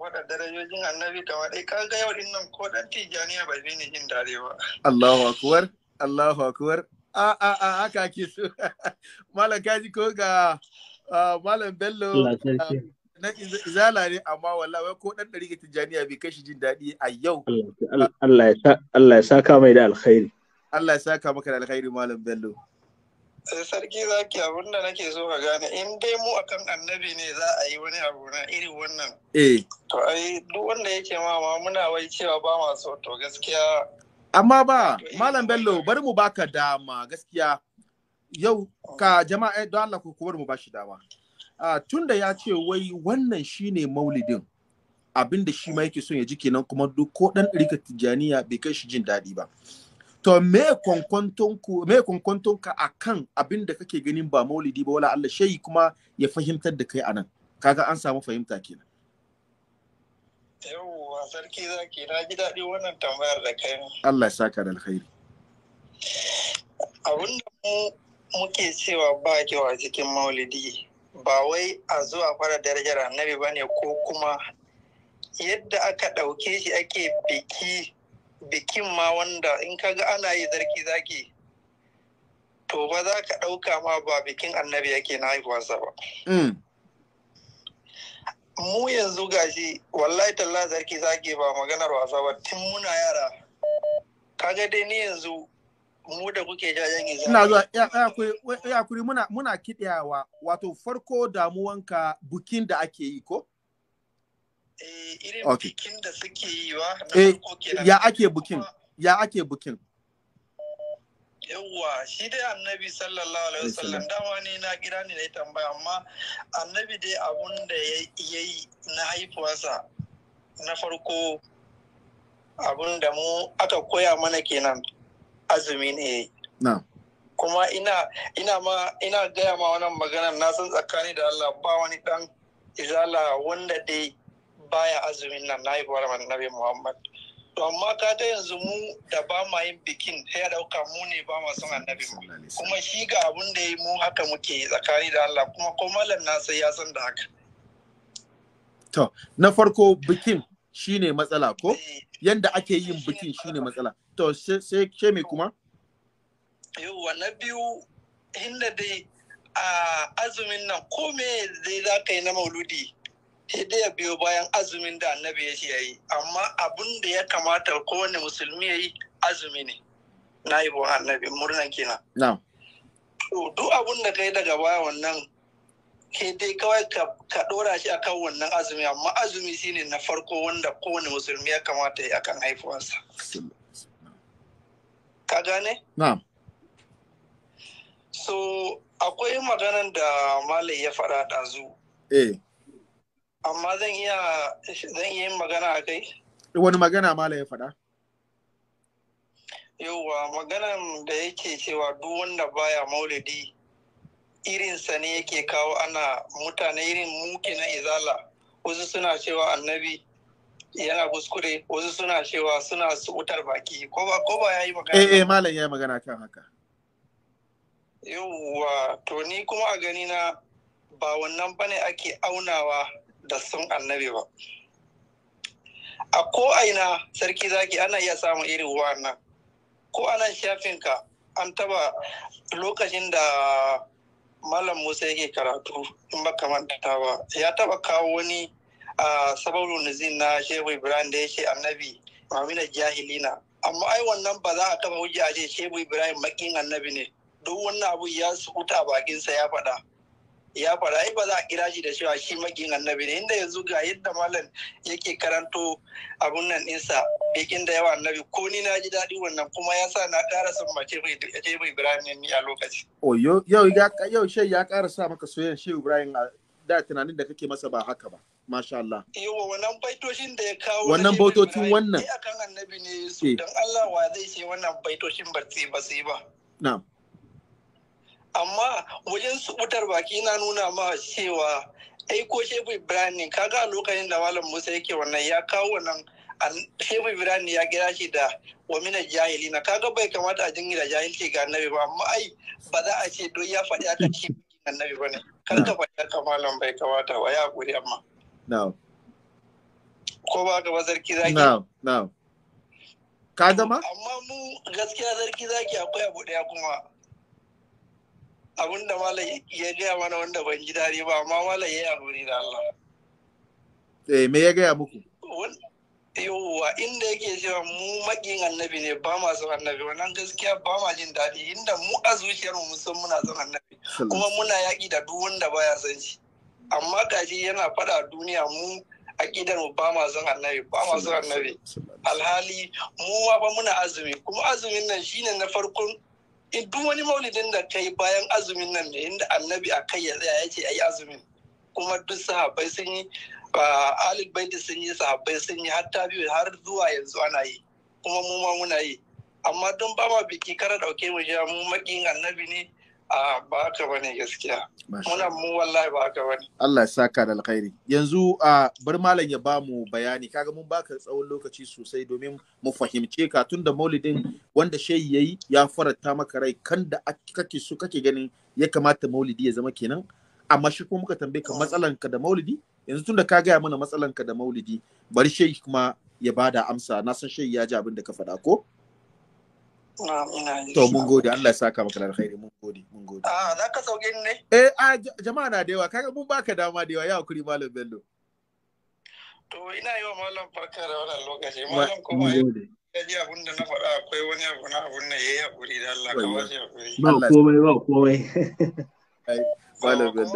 faɗa darajojin annabi gaba ɗaya ka ga yau nan ko ɗan tijaniya bai bi ni jin daɗi ba. Allahu akubar, Allahu akubar. A a a haka ke so. Malam kaji ko ga Malam Bello na izala ne amma wallahi ko ɗan ɗari ga tijaniya bai kashi jin daɗi a yau. Allah ya saka mai da alkhairi. Allah ya saka maka da alkhairi Malam Bello. Eh, sarki za zaki abin da nake so ka gane in dai mu akan annabi ne za a yi wani abu na irin wannan eh. to ai duk wanda yake ma ma muna wai cewa ba ma so to gaskiya amma ba eh, malam bello bari mu baka dama gaskiya yau ka jama'a don Allah ku kuwar mu bashi dama ah, Tunda tun da ya ce wai wannan shine maulidin abin da shi ma yake son ya ji kenan kuma duk ko dan rika tijjaniya bai kai shi jin daɗi ba to me ku me kwankwantonka akan abin da kake ganin ba maulidi ba wala Allah shayi kuma ya fahimtar da kai anan kaga an samu fahimta kenan yawwa sarki zaki na ji daɗi wannan tambayar da kai Allah ya saka da alkhairi abin da mu muke cewa ba kyau a cikin maulidi ba wai a zuwa fara darajar annabi bane ko kuma yadda aka ɗauke shi ake biki bikin ma wanda in ka ga ana yi zarki zaki to ba za ka ɗauka ma ba bikin annabi yake na haihuwarsa ba. Mm. Mu yanzu gashi wallahi talla zarki zaki ba maganar wasa ba tun muna yara. Kaga dai ni yanzu mu da kuke jajen yanzu. Ina zuwa ya kuri muna kiɗiyawa wato farko damuwanka bukin da ake yi ko? Eh, irin bikin da suke yi wa na eh, farko ya ake bukin ya ake bukin yawwa shi dai annabi sallallahu alaihi wasallam dama ne na gida ne na tambaya amma annabi dai abun da ya yi na haifuwarsa na farko abun da mu aka koya mana kenan azumi ne na kuma ina ina ma ina gaya ma wannan maganar na san tsakani da Allah ba wani dan izala wanda dai baya azumin nan na yi annabi muhammad to amma ka ta yanzu mu da ba ma yin bikin sai ya dauka mu ne ba ma son annabi kuma shi ga abun da yi mu haka muke yi tsakani da Allah kuma ko malam na sai ya san da haka to na farko bikin shine matsala ko eh. yanda ake yin bikin shine matsala to sai ke me kuma yauwa na biyu inda dai a azumin nan ko me zai za ka yi na mauludi da ya biyo bayan azumin da annabi ya ya yi amma abin da ya kamata kowane musulmi ya yi azumi ne na yi bon annabi murnan kina to duk abin da kai daga baya wannan ke dai kawai ka ɗora shi akan wannan azumi amma azumi shine na farko wanda kowane musulmi ya kamata ya akan haifuwansa ka gane? so akwai maganan da malai ya faɗa ɗazu. Eh. amma zan iya zan iya yin magana a kai wani magana mala ya faɗa yauwa maganan da yake cewa duk wanda baya maulidi irinsa ne yake kawo ana mutane irin muke na izala wasu suna cewa annabi yana kuskure wasu suna cewa suna su wutar baki ko ba ko ba yayi magana eh eh mallam yayi magana kan haka yauwa to ni kuma a gani na ba wannan bane ake aunawa da sun annabi ba a ko aina sarki zaki ana iya samun irin wannan ko anan shafinka an taba lokacin da malam musa yake karatu in ba kamanta ba ya taba kawo wani a sababin nuzin na shehu ibrahim da ya ce annabi mamina jahilina amma ai wannan ba za a taba hujja a ce shehu ibrahim makin annabi ne duk wannan abu ya sukuta bakinsa ya faɗa ya faɗa ai ba za a kira shi da cewa shi makin annabi ne inda yanzu ga yadda malam yake karanto abun nan ɗinsa bikin da yawa annabi ko ni na ji daɗi wannan kuma ya sa na ƙara son mace mai ibrahim ne a lokaci. yau yau shai ya ƙara sa maka soyayyen shi ibrahim da tunanin da kake masa ba haka ba masha Allah yawa wannan baitoshin da ya kawo wannan baitocin wannan akan annabi ne su eh. dan Allah wa zai ce wannan baitoshin ba su ba ba na'am amma wajen su baki na nuna ma cewa ai ko shehu ibrahim kaga a lokacin da malam musa yake wannan ya kawo wannan shehu ibrahim ya gira shi da wamina jahili na kaga bai kamata a jingina jahilci ga annabi ba amma ai ba za a ce don ya faɗi aka ce annabi ba ne kar ka faɗi aka malam bai kamata wa ya guri amma ko ba gaba bazar zaki ka gama amma mu gaskiya sarki zaki akwai abu daya kuma abin da ya gaya mana wanda ban ji dare ba amma mala ya yi haƙuri da Allah. Eh me ya gaya muku? Yawwa inda yake cewa mu maƙin annabi ne ba ma son annabi wannan gaskiya ba ma jin daɗi inda mu a zuciyar mu san muna son annabi kuma muna yaƙi da duk wanda baya son shi amma Kaji yana faɗa duniya mu ƙidan mu ba ma son annabi ba ma son annabi alhali mu ma ba muna azumi kuma azumin nan shine na farkon in eh, duk wani maulidin da kai bayan azumin nan ne inda annabi a kai ya tsaya yake ayi azumin kuma duk sahabbai sun yi alif baiti sun yi sahabbai sun yi har ta biyu har zuwa yanzu ana yi kuma mu ma muna yi amma don ba ma biki kara dauke mu ja mu makin annabi ne a ba ta wani gaskiya muna mu wallahi ba ta wani. Allah ya saka da alkhairi yanzu a bar malam ya ba mu bayani kaga mun baka tsawon lokaci sosai domin mu fahimce ka tunda maulidin wanda shehi yayi ya faranta maka rai kan da kake so kake ganin ya kamata maulidi ya zama kenan amma shi kuma muka tambaye ka matsalan ka da maulidi yanzu tunda ka gaya mana matsalan ka da maulidi bari shehi kuma ya bada amsa na san shehi ya ji abin da ka faɗa ko To mun gode Allah ya saka maka da alkhairi mun gode. Ah, za ka ne? Eh, a jama'a na da yawa, kaga mun baka dama da yawa, ya hakuri Malam Bello. To ina yi wa Malam barka da wannan lokaci, Malam kuma ji abin da na faɗa akwai wani abu na abun da yayi hakuri da Allah ka wace hakuri. Ba komai ba komai. Malam Bello.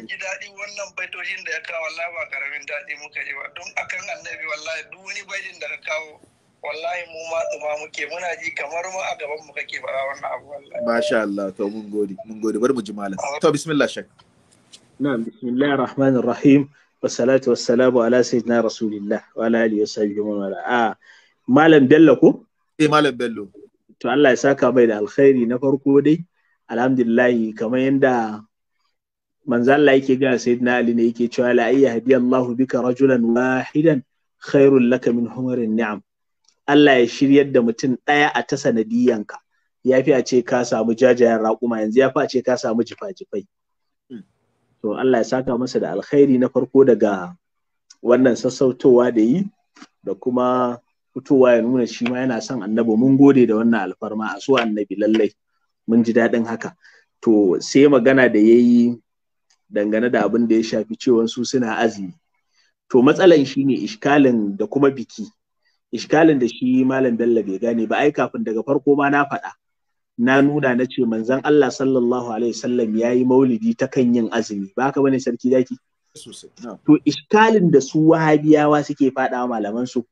ji daɗi wannan baitoshin da ya kawo wallahi ba karamin daɗi muka ji ba don akan annabi wallahi duk wani baitin da ka kawo wallahi mu ma tsuma muke muna ji kamar mu a gaban mu kake fara wannan abu wallahi masha Allah to mun gode mun gode bari mu ji malam to bismillah shek na'am bismillahir rahmanir rahim wassalatu wassalamu ala sayyidina rasulillah wa ala alihi wasahbihi wa ala a ah, malam bello ko eh malam bello to Allah ya saka mai da alkhairi na farko dai alhamdulillah kamar yanda manzo Allah yake ga sayyidina Ali ne yake cewa la ayya hadiya Allahu bika rajulan wahidan khairul laka min humarin ni'am Allah ya shiryar da mutum ɗaya a ta sanadiyanka ya fi a ce ka samu jajayen raƙuma yanzu ya fi a ce ka samu jifa-jifai hmm. to Allah ya saka masa da alkhairi na farko daga wannan sassautowa da yi da kuma fitowa ya nuna shi ma yana son annabi mun gode da wannan alfarma a so annabi lallai mun ji daɗin haka to sai magana da ya yi dangane da abin da ya shafi cewa su suna azumi to matsalan shine ishkalin da kuma biki ishkalin da shi malam bello bai gane ba ai kafin daga farko ma na faɗa na nuna na ce manzon Allah sallallahu alaihi wasallam yayi maulidi ta kan yin azumi ba haka bane sarki zaki to ishkalin da su wahabiyawa suke wa malaman su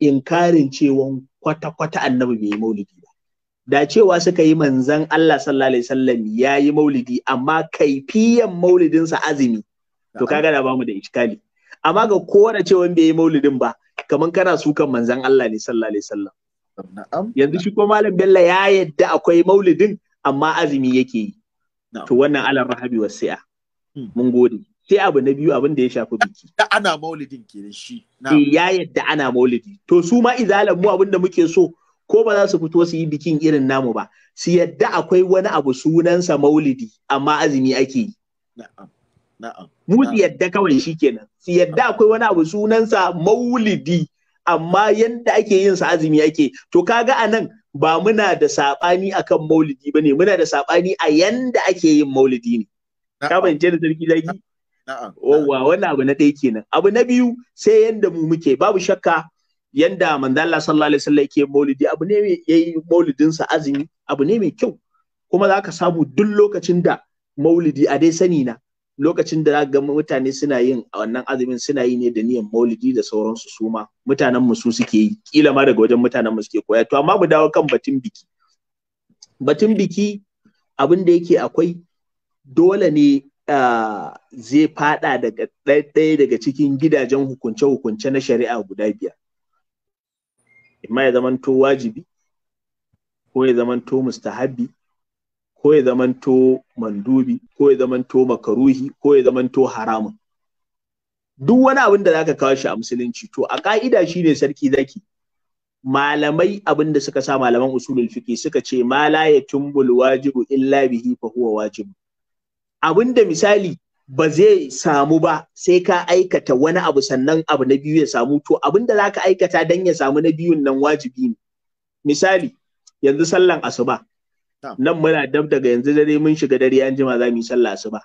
inkarin cewa kwata kwata annabi bai yi maulidi ba da cewa suka yi manzan Allah sallallahu alaihi wasallam yayi maulidi amma kaifiyan maulidinsa azumi to kaga da bamu da iskali amma ga kowane cewa bai yi maulidin ba kaman kana sukan manzan Allah ne sallallahu alaihi wasallam yanzu shi ko malam Bello ya yadda akwai maulidin amma azumi yake yi to wannan alar rahabi wasi'a hmm. mun gode sai abu na biyu abin da ya shafi biki da ana maulidin kenan shi eh, ya yadda ana maulidi to su ma izalan mu abin da muke so ko ba za su fito su yi bikin irin namu ba su yadda akwai wani abu sunansa maulidi amma azumi ake yi mu su yadda kawai shi su yadda akwai wani abu sunansa maulidi amma yadda ake yin sa azumi ake to kaga anan ba muna da saɓani akan maulidi ba ne muna da saɓani a yadda ake yin maulidi ne ka bance da sarki zaki Yawwa abu na ɗaya kenan. Abu na biyu sai yadda mu muke babu shakka yadda manzo Allah sallallahu alaihi wasallam yake maulidi abu ne ya yi maulidinsa azumi abu ne mai kyau kuma za ka samu duk lokacin da maulidi a dai sani na lokacin da ga mutane suna yin a wannan azumin suna yi ne da niyan maulidi da sauransu su ma mutanen mu su suke yi kila ma daga wajen mutanen mu suke koya to amma mu dawo kan batun biki batun biki abin da yake akwai dole ne zai fada daga ɗaya daga cikin gidajen hukunce-hukunce na shari'a guda biyar imma ya zamanto wajibi ko ya zamanto mustahabi ko ya zamanto mandubi ko ya zamanto makaruhi ko ya zamanto haramun duk wani abin da zaka kawo shi a musulunci to a ka'ida ne sarki zaki malamai abin da suka sa malaman usulul fiqi suka ce ma la yatumbul wajibu illa bihi fa huwa wajib abin da misali ba zai samu ba sai ka aikata wani abu sannan abu na biyu ya samu to abin da zaka aikata dan ya samu na biyun nan wajibi ne misali yanzu sallan asuba nan muna dab daga yanzu dare mun shiga dare an jima za mu yi sallah asuba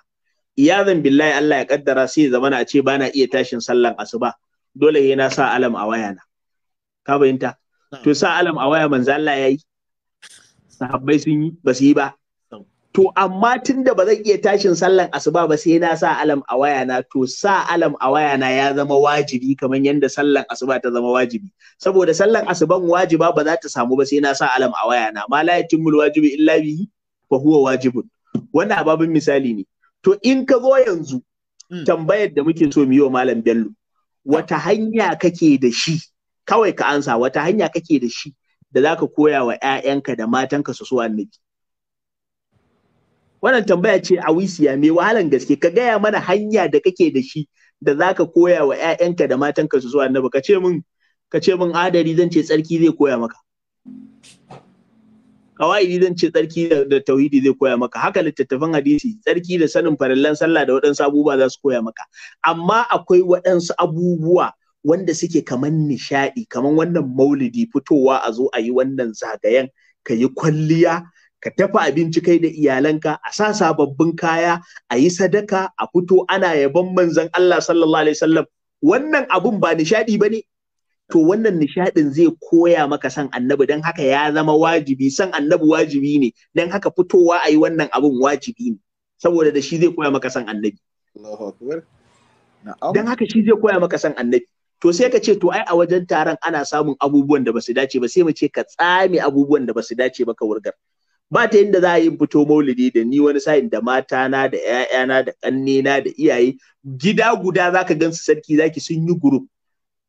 iyazan billahi Allah ya kaddara sai zama na ce bana iya tashin sallan asuba dole sai na sa alam a waya na ka fahimta to sa alam a waya manzo Allah yayi sahabbai sun yi ba su yi ba to amma tun da ba zan iya tashin sallan asuba ba sai na sa alam a waya na to sa alam a waya na ya zama wajibi kamar yadda sallan asuba ta zama wajibi saboda sallan asuban wajiba ba za ta samu ba sai na sa alam a waya na ma la yatimul wajibi illa bihi fa huwa wajibun wannan ababin misali ne to in ka zo yanzu hmm. tambayar da muke so mu yi wa malam Bello wata hanya kake da shi kawai ka ansa wata hanya kake da shi da zaka koya wa 'ya'yanka da matanka su so annabi wannan tambaya ce a wisiya mai wahalan gaske ka gaya mana hanya da kake da shi da zaka koya wa 'ya'yanka da matanka su zuwa annabi ka ce min ka adari zan ce tsarki zai koya maka kawai zan ce tsarki da tauhidi zai koya maka haka littattafan hadisi tsarki da sanin farallan sallah da waɗansu abubuwa za su koya maka amma akwai waɗansu abubuwa wanda suke kaman nishaɗi kaman wannan maulidi fitowa a zo a yi wannan zagayen ka yi kwalliya ka tafi abinci kai da iyalanka a sa sababbin kaya a yi sadaka a fito ana yabon manzon Allah sallallahu alaihi wasallam wannan abun ba nishadi bane to wannan nishadin zai koya maka san annabi don haka ya zama wajibi san annabi wajibi ne don haka fitowa a yi wannan abun wajibi ne saboda da shi zai koya maka san annabi don haka shi zai koya maka san annabi to sai ka ce to ai a wajen taron ana samun abubuwan da ba su dace ba sai mu ce ka tsame abubuwan da ba su dace ba ka wurgar ba ta yadda za a yi fito maulidi da ni wani sa'in da mata na da ƴaƴana da ƙanne na da iyaye gida guda zaka gansu sarki zaki sun yi group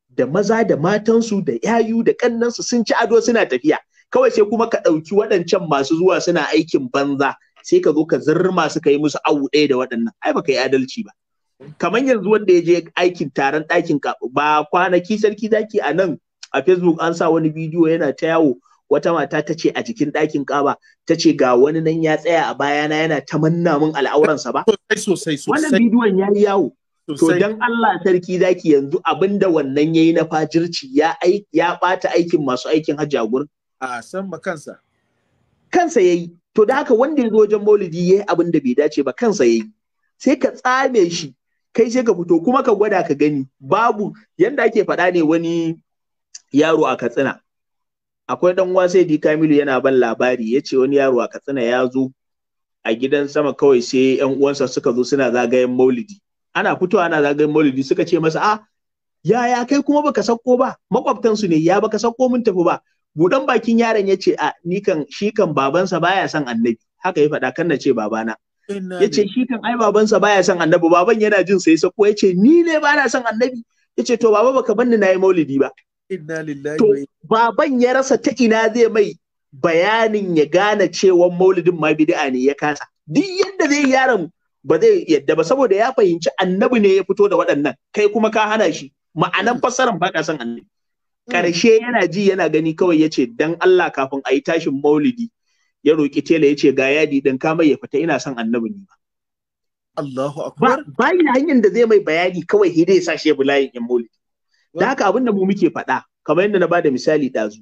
da maza da matansu da yayu da su sun ci ado suna tafiya kawai sai kuma ka ɗauki waɗancan masu zuwa suna aikin banza sai ka zo ka zirma su ka yi musu awu ɗaya da waɗannan ai baka yi adalci ba kamar yanzu wanda ya je aikin taron ɗakin ba kwanaki sarki zaki a nan a facebook an sa wani bidiyo yana ta yawo wata mata ta ce a jikin ɗakin kaba ta ce ga wani nan ya tsaya a bayana yana ta manna min al'auransa ba sosai sosai wannan bidiyon ya yi yawo to dan Allah sarki zaki yanzu abinda wannan ya yi na fajirci ya ya bata aikin masu aikin hajji a gurin a san ma kansa kansa yi, to da haka wanda ya zo wajen maulidi ya yi abin da bai dace ba kansa ya yi. sai ka tsame shi kai sai ka fito kuma ka gwada ka gani babu yadda ake faɗa ne wani yaro a katsina akwai ɗan uwa sai di kamilu yana ban labari ya ce wani yaro a katsina ya zo a gidan sama kawai sai yan uwansa suka zo suna zagayen maulidi ana fitowa ana zagayen maulidi suka ce masa a yaya kai kuma baka sauko ba makwabtansu ne ya baka sauko mun tafi ba budan bakin yaron ya ce a ni kan shi kan babansa baya son annabi haka ya faɗa kan na ce babana ya ce shi kan ai babansa baya son annabi baban yana jin sai sauko ya ce ni ne ba na son annabi ya ce to baba baka banni na yi maulidi ba to baban ya rasa ta ina zai mai bayanin ya gane cewa maulidin ma bid'a ne ya kasa. Duk yadda zai yaron ba zai yadda ba saboda ya fahimci annabi ne ya fito da waɗannan kai kuma ka hana shi ma'anan fassarar ba ka san annabi. Mm. Karshe yana ji yana gani kawai ya ce dan Allah kafin a yi tashin maulidi ya roƙi tela ya ce ga yadi dan kamar ya fita ina son annabi ne ba. Allahu akbar. Ba hanyar da zai mai bayani kawai hidai ya sa shi ya bulayin yan maulidi. da haka abin da mu muke faɗa kamar yadda na ba da misali ɗazu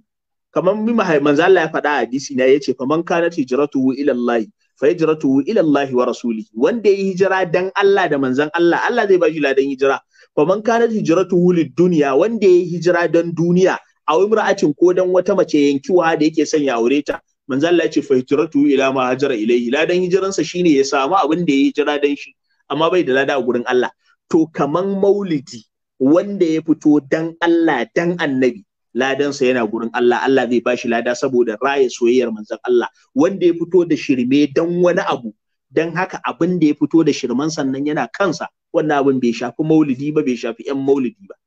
kamar mi manzo Allah ya faɗa a hadisi na yace man kanat hijratuhu ila Allah fa hijratuhu ila Allah wa rasulihi wanda yi hijira dan Allah da manzon Allah Allah zai bashi ladan hijira Fa man kanat hijratuhu lid dunya wanda yi hijira dan duniya a imra'atin ko dan wata mace yankiwa da yake son ya aure ta manzo Allah yace fa hijratuhu ila ma hajara ilayhi ladan hijiransa shine ya samu abin da ya hijira dan shi amma bai da lada a gurin Allah to kaman maulidi wanda ya fito dan Allah dan annabi ladansa yana gurin Allah Allah zai bashi lada saboda raya soyayyar manzon Allah wanda ya fito da shirme dan wani abu dan haka abin da ya fito da shirman sannan yana kansa wannan abin bai shafi maulidi ba bai shafi yan maulidi ba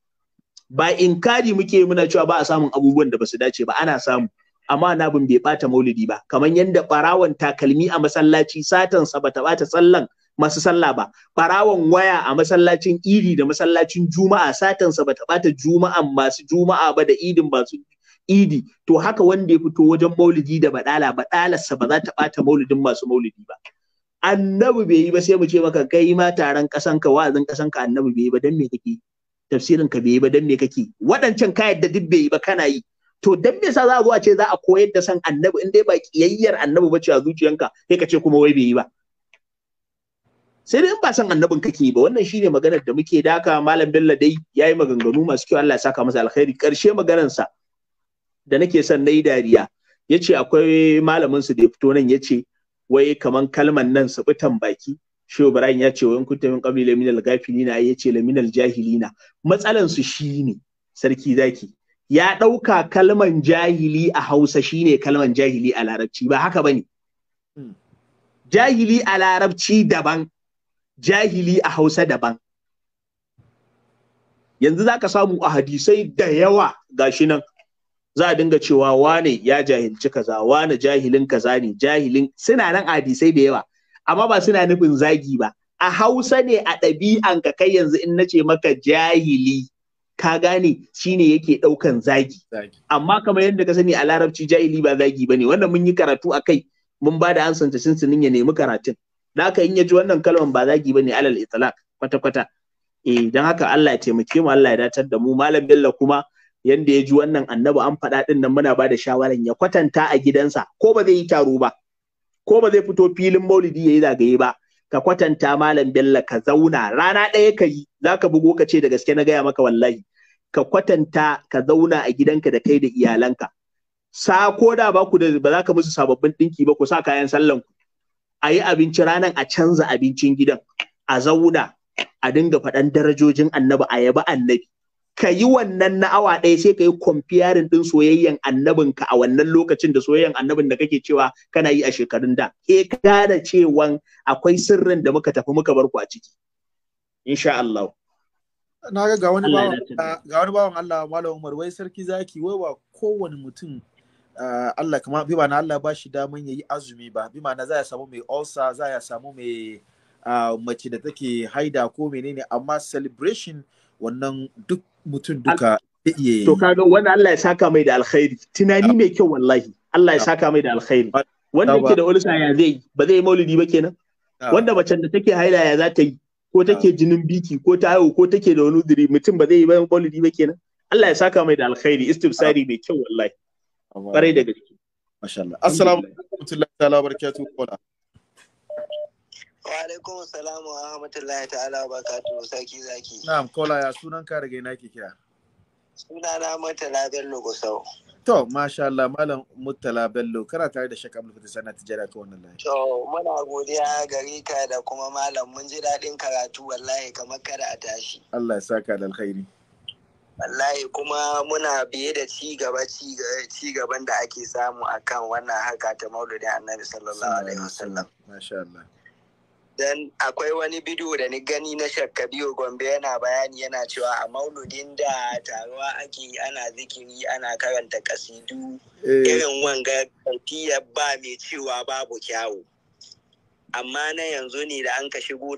ba inkari muke muna cewa ba a samun abubuwan da basu dace ba ana samu amma na abin bai bata maulidi ba kamar yadda barawan takalmi a masallaci satan sa bata bata sallan masu sallah ba barawon waya a masallacin idi da masallacin juma'a sa bata bata juma'an masu juma'a ba da idin masu idi to haka wanda ya fito wajen maulidi da badala sa ba za ta bata maulidin masu maulidi ba annabi bai yi ba sai mu ce maka kai ma taron kasan ka wa'azin kasan ka annabi bai yi ba dan me kake tafsirin ka bai yi ba dan me kake waɗancan ka yadda duk bai yi ba kana yi to dan me yasa za a zo a ce za a koyar da san annabi in dai ba kiyayyar annabi ba ce a zuciyanka sai ka ce kuma wai bai yi ba sai dai in ba san annabin kake ba wannan shine maganar da muke daka malam bello dai yayi maganganu masu kyau Allah ya saka masa alkhairi karshe maganar sa da nake son nayi dariya yace akwai malamin su da ya fito nan yace wai kaman kalman nan su bitan baki Shehu Ibrahim ya ce wa in kuntum min qabli laminal gafilina ya ce laminal jahilina matsalan su shine sarki zaki ya ɗauka kalman jahili a Hausa shine kalman jahili a Larabci ba haka bane hmm. jahili a Larabci daban jahili a Hausa daban. Yanzu za ka samu a hadisai da yawa gashi nan za a dinga cewa wane ya jahilci kaza wane jahilin kaza ne jahilin suna nan a hadisai da yawa amma ba suna nufin zagi ba a Hausa ne a ɗabi'an ka kai yanzu in na ce maka jahili ka gane shine yake ɗaukan zagi amma kamar yadda ka sani a larabci jahili ba zagi bane wannan mun yi karatu a kai mun bada da ansan ta ya nemi karatun da aka in ya ji wannan kalman ba zagi bane alal itlaq kwata kwata eh dan haka Allah ya taimake mu Allah ya datar da mu malam Bello kuma yanda ya ji wannan annabi an faɗa din nan muna ba da shawaran ya kwatanta a gidansa ko ba zai yi taro ba ko ba zai fito filin maulidi yayi zagaye ba ka kwatanta malam Bello ka zauna rana ɗaya ka yi zaka bugo ka ce da gaske na gaya maka wallahi ka kwatanta ka zauna a gidanka da kai da iyalanka sa ko da ba ku da ba za ka musu sababbin ɗinki ba ku sa kayan sallan ku a yi abinci ranar a canza abincin gidan a zauna a dinga faɗan darajojin annabi a yaba annabi ka yi wannan na awa ɗaya sai ka yi kwamfiyarin ɗin soyayyen annabinka a wannan lokacin da soyayyen annabin da kake cewa kana yi a shekarun da e gane cewan akwai sirrin da muka tafi muka bar a ciki insha Allah na ga wani bawan Allah malam Umar wai sarki zaki wai ba kowane mutum Ah, Allah kuma bi na Allah ba shi daman yayi azumi ba bi na za ya samu mai ulcer za ya samu mai ah, mace da take haida ko menene amma celebration wannan duk mutum duka to kaga wani Allah ya saka mai da alkhairi tunani mai kyau wallahi Allah ya saka mai da alkhairi wanda yake da ulsa ya zai ba zai maulidi ba kenan ah. wanda macen da take haida ya za ta yi ko take jinin biki ko ta haihu ko take da wani diri mutum ba zai yi ba maulidi ba kenan Allah ya saka mai da alkhairi istifsari mai kyau wallahi Kwarai da gaske. Masha Assalamu alaikum ta'ala barakatuhu kola. Wa alaikum assalamu wa rahmatullahi ta'ala wa barakatuhu sarki zaki. Na'am kola ya sunan ka daga ina ke kira? Sunana Murtala Bello Gusau. To, masha Allah, Malam Murtala Bello, kana tare da Shaka Abdul Sana Tijara ta wannan layi. To, muna godiya gare ka da kuma Malam mun ji daɗin karatu wallahi kamar kada a tashi. Allah ya saka da alkhairi. wallahi kuma muna biye da ci gaba gaban da ake samu akan wannan haka ta mauludin annabi sallallahu alaihi wasallam dan akwai wani bidiyo da ni gani na shakkabiyo gombe yana bayani yana cewa a mauludin da taruwa ake ana zikiri ana karanta kasidu eh. irin wanga ya ba mai cewa babu kyawu amma na yanzu ne da an ka shigo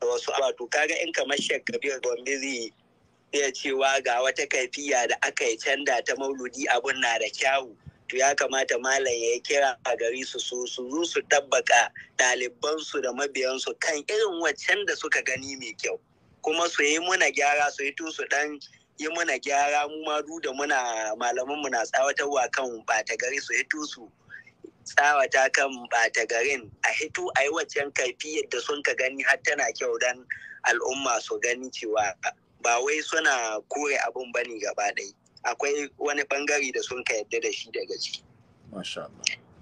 da wasu abatu kaga in kamar shakkabiyo gombe zai iya cewa ga wata kaifiya da aka yi canda ta mauludi abun na da kyawu to ya kamata malam ya kira a gari su su su su tabbaka ɗalibansu da mabiyansu kan irin waccan da suka gani mai kyau kuma su yi muna gyara su yi tusu dan yi muna gyara mu ma du da muna malaman mu na tsawatarwa kan bata gari su yi su tsawata kan bata garin a hito a yi waccan kaifiyar da sun ka gani har tana kyau dan al'umma su gani cewa ba wai suna kore abin ba ne gaba ɗai akwai wani ɓangare da sun ka yadda da shi daga ciki.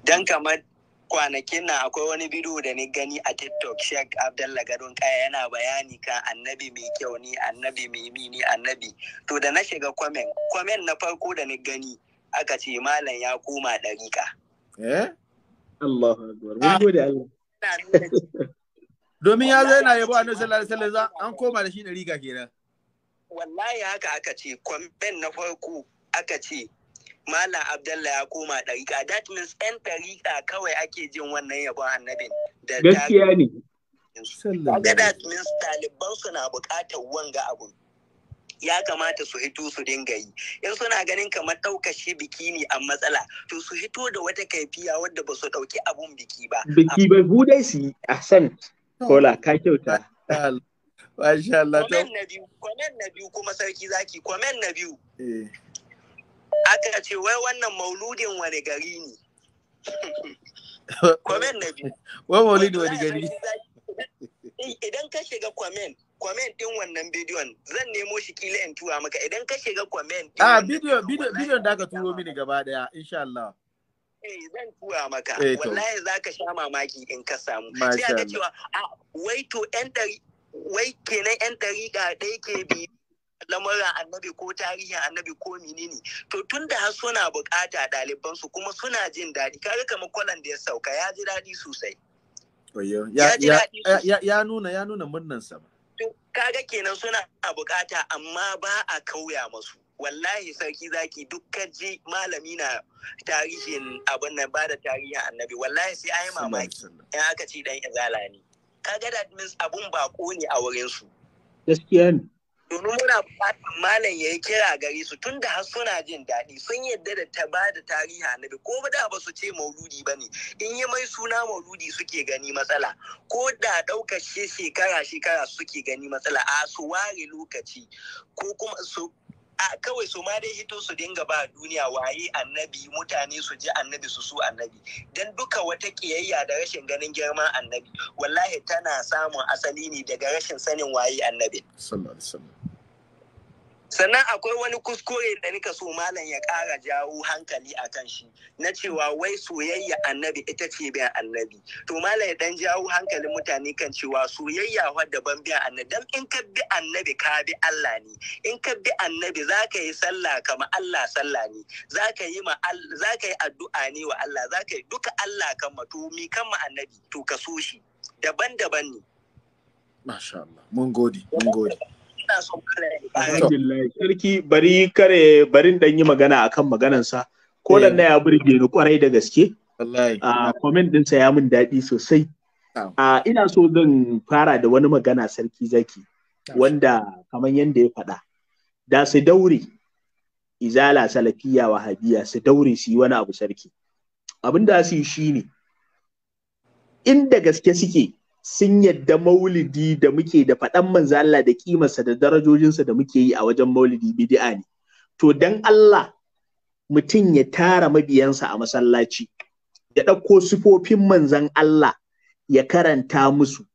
Don kamar kwanakin na akwai wani bidiyo da ni gani a TikTok Sheikh Abdallah Gadon Kaya yana bayani ka annabi mai kyau ni annabi mai mi ni annabi. To da na shiga kwamen, kwamen na farko da ni gani aka ce malam ya koma ɗarika. Eh? Ah. Allah Allah. Domin ya zai na yabo annabi sallallahu alaihi wasallam an koma da shi ɗarika kenan. wallahi haka aka ce kwamfen na farko aka ce mala Abdallah ya koma dariƙa That means 'yan dariƙa kawai ake jin wannan yabon annabin. Gaskiya ne. that means ɗaliban suna buƙatar wanga abu. Ya kamata su hito su dinga yi. In suna ganin kamar ɗaukar biki ne a matsala, to su hito da wata kaifiya wadda ba su ɗauki abun biki ba. Biki bai hu su yi, san Kola, ka kyauta. Masha Allah. Comment na biyu, comment na biyu kuma sarki zaki, comment na biyu. Eh. Aka ce wai wannan mauludin wani gari ne. Comment na biyu. Wai mauludin wani gari. Eh, idan ka shiga kwamen, kwamen din wannan bidiyon zan nemo shi kila in tura maka idan ka shiga kwamen. Ah bidiyon bidiyon da aka turo mini gaba daya insha Allah. Eh, zan tura maka wallahi za ka sha mamaki in ka samu sai ga cewa ah, wai to yan ɗari wai kenan yan ɗariƙa ɗaya ke bi lamura annabi ko tarihin annabi ko menene to tun da har suna buƙata ɗaliban su kuma suna jin daɗi kare kama kwalan da ya sauka ya ji daɗi sosai ya nuna ya nuna murnan sa kaga kenan suna buƙata amma ba a kauya masu wallahi sarki zaki dukkan ji malami na tarihin abin nan ba da tarihin annabi wallahi sai a yi mamaki in aka ci dan izala ne kaga that means abun bako ne a wurin su gaskiya ne domin muna buƙatar malam ya yi kira gare su tun da suna jin daɗi sun yadda da ta ba da tariha annabi ko da ba su ce mauludi ba ne in yi mai suna mauludi suke gani matsala ko da ɗaukar shekara shekara suke gani matsala a su ware lokaci ko kuma su a kawai su ma dai hito su dinga ba duniya waye annabi mutane su ji annabi su su annabi dan duka wata kiyayya da rashin ganin girma annabi wallahi tana samun asali ne daga rashin sanin waye annabi sallallahu alaihi wasallam sannan akwai wani kuskure da nika so malam ya ƙara jawo hankali a kan shi na cewa wai soyayya annabi ita ce biyan annabi to malam ya dan jawo hankalin mutane kan cewa soyayya wadda ban biyan annabi dan in ka bi annabi ka bi Allah ne in ka bi annabi za ka yi sallah kama Allah sallah ne za ka yi za ka yi addu'a ne wa Allah za ka yi duka Allah kan matomi to mi kan ma annabi to ka so shi daban-daban ne masha Allah mun gode mun gode ina son sarki bari kare barin dan yi magana akan maganansa ko da na ya burge ni kwarai da gaske wallahi a ah, comment dinsa ya mun daɗi sosai a ah, ina so zan fara da wani magana sarki zaki wanda kamar yadda ya faɗa da su daure izala salafiya wahabiya su daure su yi wani abu sarki abin da su yi shine in da gaske suke sun yadda maulidi da muke da faɗan manzo Allah da kimarsa da darajojinsa da muke yi a wajen maulidi bid'a ne to dan Allah mutum ya tara mabiyansa a masallaci ya ɗauko sifofin manzan Allah ya karanta musu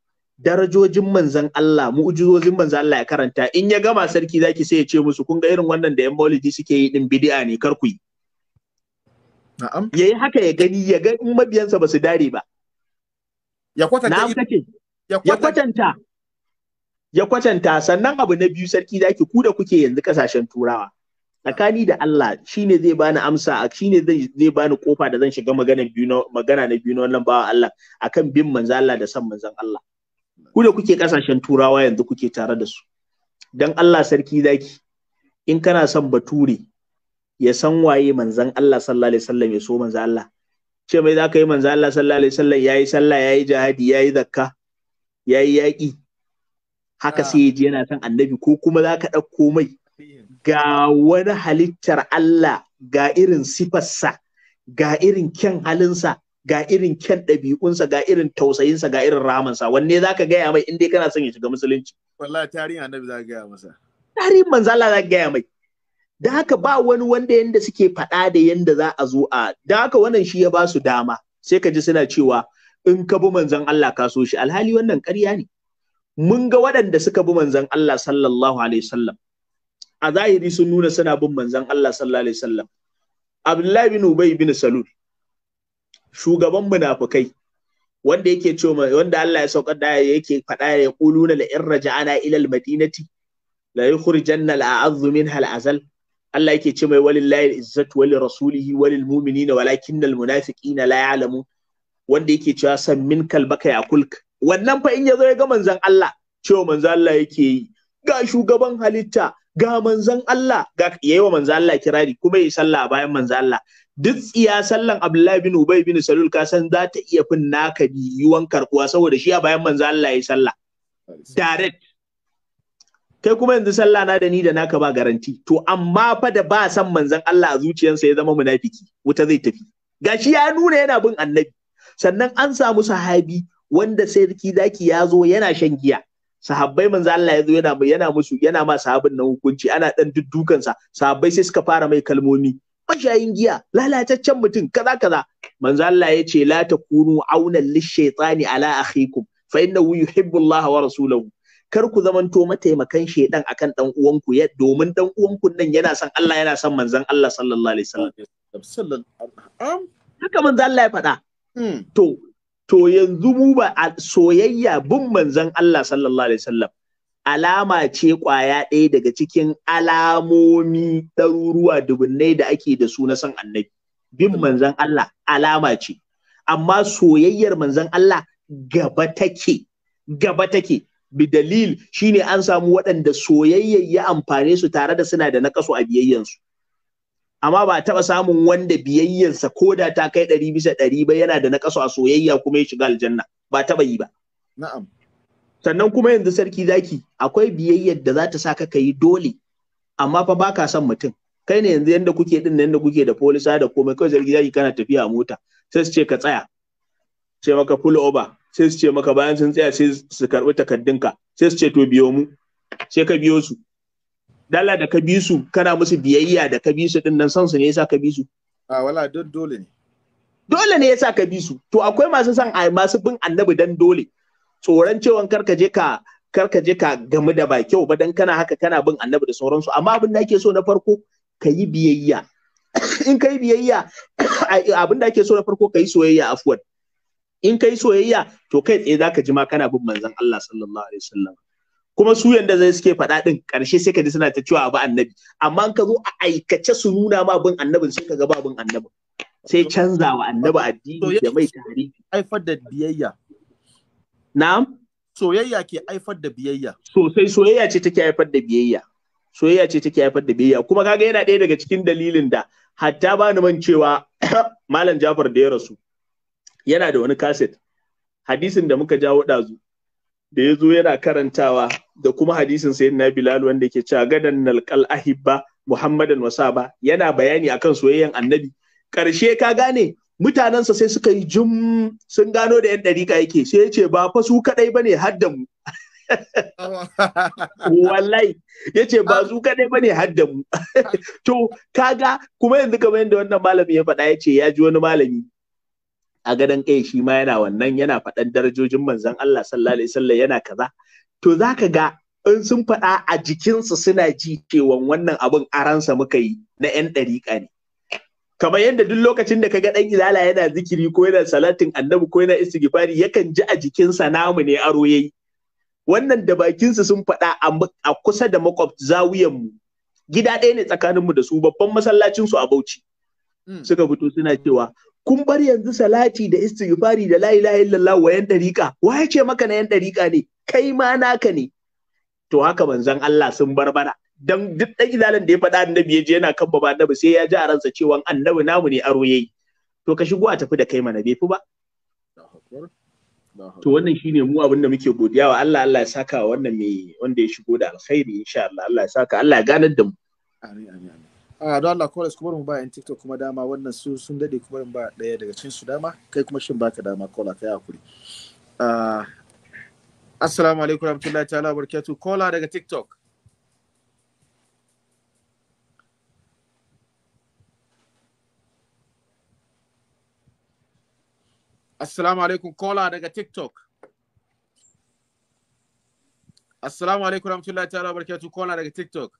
darajojin manzan Allah mu'jizozin manzan Allah ya karanta in ya gama sarki zaki sai ya ce musu kun ga irin wannan da yan maulidi suke yi din bid'a ne kar ku yi na'am yayi haka ya gani ya ga in mabiyansa ba su dare ba ya kwatanta ya kwatanta sannan abu na biyu sarki zaki ku da kuke yanzu kasashen turawa tsakani da Allah shine zai bani amsa shine zai bani kofa da zan shiga magana biyu na magana na biyu na wannan bawa Allah akan bin manzo Allah da san manzon Allah ku da kuke kasashen turawa yanzu kuke tare da su dan Allah sarki zaki in kana son bature ya san waye manzon Allah sallallahu alaihi wasallam ya so manzon Allah ce mai za ka yi manzo Allah sallallahu alaihi wasallam yayi sallah yayi jihadi yayi zakka yayi yaƙi haka ah. sai ji yana son annabi ko kuma za ka ɗauko mai ga wani halittar Allah ga irin sifarsa ga irin kyan halinsa ga irin kyan ɗabi'unsa ga irin tausayinsa ga irin ramansa wanne za ka gaya mai in dai kana son ya shiga musulunci wallahi tarihin annabi za ka gaya masa tarihin manzo Allah za ka gaya mai da haka ba wani wanda yanda suke faɗa da yanda za a zo a da haka wannan shi ya ba su dama sai ka ji suna cewa in ka bi manzon Allah ka so shi alhali wannan ƙarya ne mun ga waɗanda suka bi manzon Allah sallallahu alaihi wasallam a zahiri sun nuna suna bin manzon Allah sallallahu alaihi wasallam Abdullahi bin Ubay bin Salul shugaban munafukai. wanda yake ce wanda Allah ya saukar da yake faɗa ya kuluna la in raja'ana ila al-madinati la yukhrijanna al-a'azzu minha al-azal Allah yake ce mai walillahi izzatu wali rasulihi walil mu'minina walakinnal munafiqina la ya'lamu wanda yake cewa san min kalbaka ya kulk wannan fa in yazo ya ga manzon Allah cewa manzon Allah yake yi ga shugaban halitta ga manzon Allah ga yayi wa manzon Allah kirari kuma yi sallah bayan manzon Allah duk tsiya sallan Abdullahi bin Ubay bin Salul ka san za ta iya fin naka biyuwan karkuwa saboda shi a bayan manzon Allah yayi sallah direct kai kuma yanzu sallah na da ni da naka ba garanti to amma fa da ba san manzon Allah a zuciyarsa ya zama munafiki wuta zai tafi gashi ya nuna yana bin annabi sannan an samu sahabi wanda sarki zaki ya zo yana shan giya sahabbai manzo Allah ya zo yana yana musu yana ma sahabin nan hukunci ana dan duddukan sa sahabbai sai suka fara mai kalmomi mashayin giya lalataccen mutum kaza kaza manzo Allah ya ce la takunu auna lishaytani ala akhikum fa innahu yuhibbu Allah wa rasulahu kar ku zamanto mataimakan shedan akan dan uwanku ya domin dan uwanku nan yana son Allah yana son manzon Allah sallallahu alaihi wasallam haka manzon Allah ya faɗa hmm. to to yanzu mu ba soyayya bin manzon Allah sallallahu alaihi wasallam alama ce kwaya ɗaya daga cikin alamomi ɗaruruwa dubunnai da ake da su na son annabi bin manzan Allah alama ce amma soyayyar manzan Allah gaba take gaba take bidalil shine an samu waɗanda soyayyar ya amfane su tare da suna da kaso a biyayyansu amma ba taɓa samun wanda biyayyansa ko da ta kai ɗari bisa ɗari ba yana da kaso a soyayya kuma ya shiga aljanna ba taɓa yi ba na'am sannan kuma yanzu sarki zaki akwai biyayyar da za ta sa ka yi dole amma fa ba ka son mutum kai ne yanzu yanda kuke din yanda kuke da polisa da komai kawai sarki zaki kana tafiya a mota sai su ce ka tsaya sai maka pull over sai su ce maka bayan sun tsaya sai su karɓi takaddunka sai su ce to biyo mu sai ka biyo su dala da ka bi su kana musu biyayya da ka bi su din nan san su ne yasa ka bi su a wala duk dole ne dole ne yasa ka bi su to akwai masu san ai masu bin annabi dan dole tsoron cewan karka je ka karka je ka gamu da ba kyau ba dan kana haka kana bin annabi da sauransu amma abin da ake so na farko ka yi biyayya in ka yi biyayya abin da ake so na farko ka yi soyayya afuwan in kai soyayya to kai tsaye zaka ji ma kana bin manzon Allah sallallahu alaihi wasallam kuma su yanda zai suke faɗa din ƙarshe sai ka ji suna ta cewa abu annabi amma in ka zo a aikace su nuna ma bin annabin sai ka ga ba bin annabi sai canza wa annabi addini da mai tarihi haifar da biyayya na'am soyayya ke haifar da biyayya sosai soyayya ce take haifar da biyayya soyayya ce take haifar da biyayya kuma kaga yana ɗaya daga cikin dalilin da hatta ba ni man cewa malam Jafar da ya rasu yana da wani kaset hadisin da muka jawo ɗazu da ya zo yana karantawa da kuma hadisin sayin na bilal wanda ke cewa gadan nalkal ahibba muhammadan wasaba yana bayani akan soyayyen annabi ƙarshe ka gane mutanensa sai suka yi jum sun gano da 'yan ɗarika yake sai ya ce ba fa su kaɗai ba ne har da wallahi ya ce ba su kaɗai ba ne har da mu to kaga kuma yanzu kamar yadda wannan malami ya faɗa ya ce ya ji wani malami a gadon kai shi ma yana wannan yana faɗan darajojin manzon Allah sallallahu alaihi wasallam yana kaza to zaka ga in sun faɗa a jikinsu suna ji cewa wannan abin aransa muka yi na 'yan ɗariƙa ne kamar yadda duk lokacin da kaga ɗan izala yana zikiri ko yana salatin annabi ko yana istighfari yakan ji a jikinsa namu ne aro yayi wannan da bakinsu sun faɗa a kusa da makwabta zawiyan mu gida ɗaya ne tsakaninmu da su babban masallacin su a Bauchi hmm. suka fito suna cewa kun bar yanzu salati da istighfari da la ilaha illallah wa yan dariƙa wa ya ce maka na yan dariƙa ne kai ma naka ne to haka manzon Allah sun barbara dan duk dan ilalan da ya faɗa annabi biye je yana kan baba annabi sai ya ji a ransa cewa annabi namu ne aro yayi to ka shigo a tafi da kai mana bai fi ba to wannan shine mu abin da muke godiya wa Allah Allah ya saka wannan mai wanda ya shigo da alkhairi insha Allah Allah ya saka Allah ya ganar da mu amin amin a don Allah kawai kuma mu ba yan TikTok kuma dama wannan su sun dade kuma ba daya daga cikin su dama kai kuma shin baka dama kola kai hakuri assalamu alaikum warahmatullahi ta'ala barakatuh kola daga TikTok Assalamu alaikum kola daga TikTok. Assalamu alaikum rahmatullahi ta'ala barakatuh kola daga TikTok.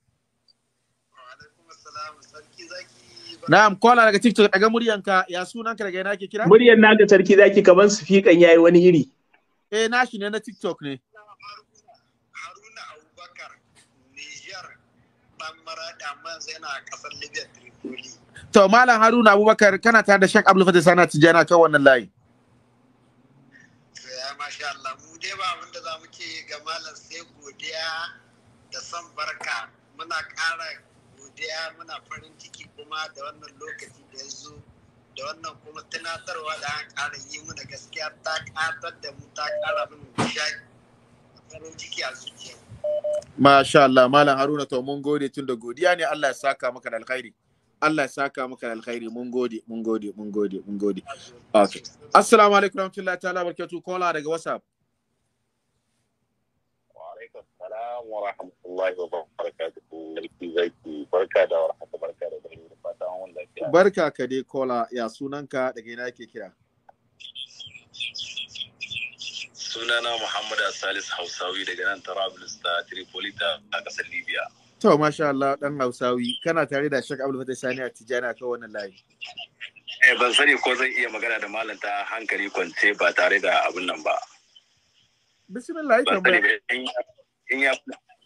Na'am, kola daga TikTok daga muryanka, ya sunan ka daga yana ke kira? Muryan naka sarki zaki kaman su fikan yayi wani iri. Eh, shi ne na TikTok ne. Haruna Abubakar, Niger, dan marada man yana kasar Libya Tripoli. To, Malam Haruna Abubakar, kana tare da Sheikh Abdul Fatih Sana Tijana kan wannan layi. Ya masha Allah, mu dai ba abin za mu ke ga Malam sai godiya da son barka. Muna ƙara godiya muna farin kuma da wannan lokaci da ya zo da wannan kuma tunatarwa da an kara yi mana gaskiya ta ƙatar da mu ta ƙara mana nishaɗi farin ciki a zuciya. Masha Allah, Malam Haruna to mun gode tun da godiya ne Allah ya saka maka da alkhairi. Allah ya saka maka da alkhairi mun gode mun gode mun gode mun gode. Okay. Assalamu alaikum warahmatullahi ta'ala barkatu kola daga WhatsApp. alaikum wa rahmatullahi wa barakatuhu. Sarki zaki barka da warhaka barka da dare fata an wanda Barka ka dai kola ya sunanka daga ina ke kira? Sunana Muhammad Salis Hausawi daga nan Tarablis ta Tripolita a kasar Libya. To masha Allah dan Hausawi kana tare da shek Abdul Fatah Sani a Tijani akan wannan layi. Eh ban sani ko zan iya magana da malam ta hankali kwance ba tare da abin nan ba. Bismillah ya tambaya.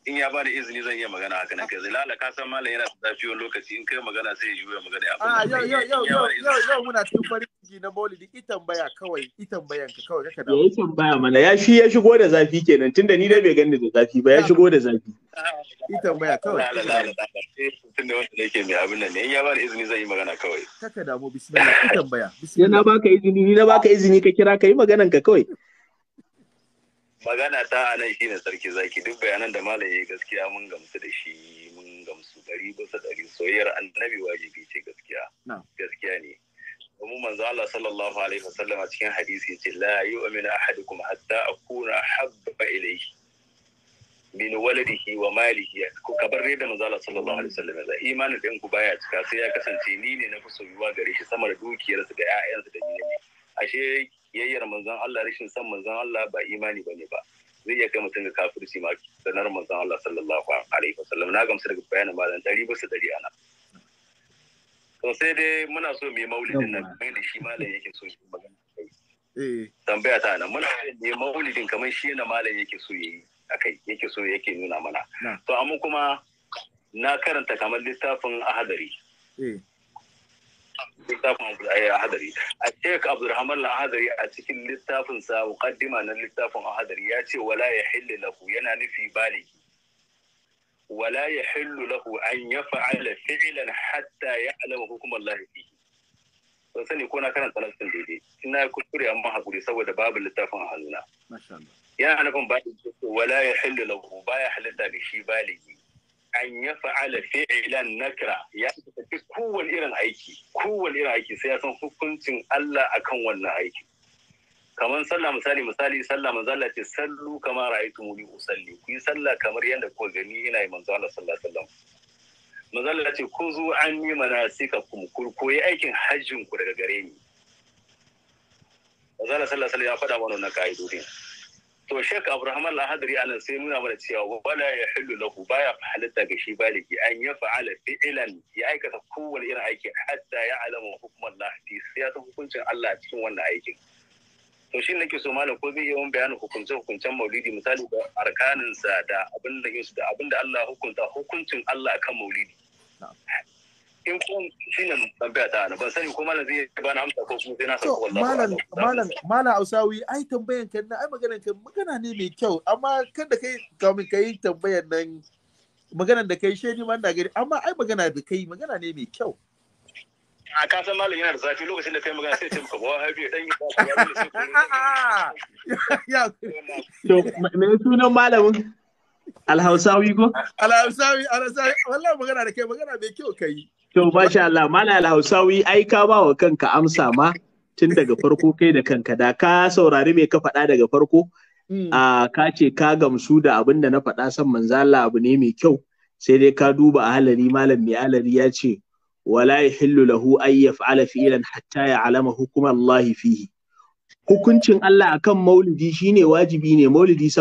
in ya ba da izini zan iya magana haka nan kai Lala ka san malam yana da zafi wani lokaci in kai magana sai ya wuya magana ya a ah, yau yau yau yau yau yau muna cikin farin ciki na maulidi i tambaya kawai i tambayan ka kawai kaka da ya tambaya mana ya shi ya shigo da zafi kenan tunda ni dai bai gani da zafi ba ya shigo da zafi i tambaya kawai eh, tunda wanda yake mai abin nan ne in ya ba da izini zan yi magana kawai kaka da mu bismillah i tambaya bismillah na baka izini ni na baka izini ka kira ka yi maganan ka kawai magana ta a nan shine sarki zaki duk bayanan da malam ya gaskiya mun gamsu da shi mun gamsu dari bisa dari soyayyar annabi wajibi ce gaskiya gaskiya ne domin manzo Allah sallallahu alaihi wasallam a cikin hadisi yace la yu'minu ahadukum hatta akuna habba ilayhi min waladihi wa malihi ku kabar da manzo Allah sallallahu alaihi wasallam da imanin din ku baya cika sai ya kasance ni ne na fi soyuwa gare shi sama da dukiyarsa da ƴaƴansa da ni ashe kiyayyar manzon Allah rashin san manzon Allah ba imani bane ba zai iya kai mutum ga kafirci ma sanar manzon Allah sallallahu alaihi wasallam na gamsu daga bayanin malam dari bisa dari ana to sai dai muna so mu yi maulidin nan kamar da shi malam yake so yi magana eh. tambaya ta nan muna so mu yi maulidin kamar shi na malam yake so yi akai yake so yake nuna mana to amma kuma na karanta kamar littafin ahadari eh. littafin eh, hadari a sheik abdurrahman hadari a cikin littafin sa muqaddima na littafin hadari ya ce wala ya hillu lahu yana nufi baligi wala ya hillu lahu an ya fa'ala fi'lan hatta ya alama hukumar lahifi ban sani ko na karanta lafsin daidai ina kuskure amma hakuri saboda babu littafin a hannuna yana nufin baligi wala ya hillu lahu ba ya halitta da shi baligi an ya fa'ala fi'ilan nakra ya tafi kowane irin aiki kowane irin aiki sai ya san hukuncin Allah akan wannan aiki kamar sallah misali misali sallah manzo Allah ce sallu kamar ra'aytu muni usalli ku yi sallah kamar yadda ku gani ina yi manzo Allah sallallahu alaihi wasallam manzo Allah ce ku zo an yi manasika ku ku koyi aikin hajjin ku daga gare ni manzo Allah sallallahu alaihi wasallam ya faɗa mana wannan ka'idodin to shek abraham al a nan sai nuna mana cewa wala ya hillu lahu baya halatta ga shi baliki an ya fa'ala fi'lan ya aikata kowane irin aiki hatta ya alama hukumar lahadi sai ya ta hukuncin Allah cikin wannan aikin to shi nake so malam ko zai yi wani bayanin hukunce hukuncen maulidi misali da arkaninsa da abin da Allah hukunta hukuncin Allah kan maulidi in kun shine tambaya ta ban sani ko malam zai ba na amsa ko kuma sai na san wallahi malam malam malam Ausawi ai tambayan kan ai maganar kan magana ne mai kyau amma kan da kai kamin kai tambayan nan maganar da kai shedi ma da gari amma ai magana da kai magana ne mai kyau a kasan malam yana da zafi lokacin da kai magana sai ce maka bawa habi dan ya to me sunan malamin alhausawi ko alhausawi alhausawi wallahi magana da kai magana mai kyau kai To masha Allah Malal Hausawi ai ka ba wa kanka amsa ma tun daga farko kai da kanka da ka saurari me ka faɗa daga farko hmm. a ka ce ka gamsu da abin da na faɗa san manzala abu ne mai kyau sai dai ka duba a halari malam mai halari ya ce wala ya yahillu lahu ay yaf'ala fi'lan hatta alama hukuma Allah fihi hukuncin Allah akan maulidi ne wajibi ne maulidi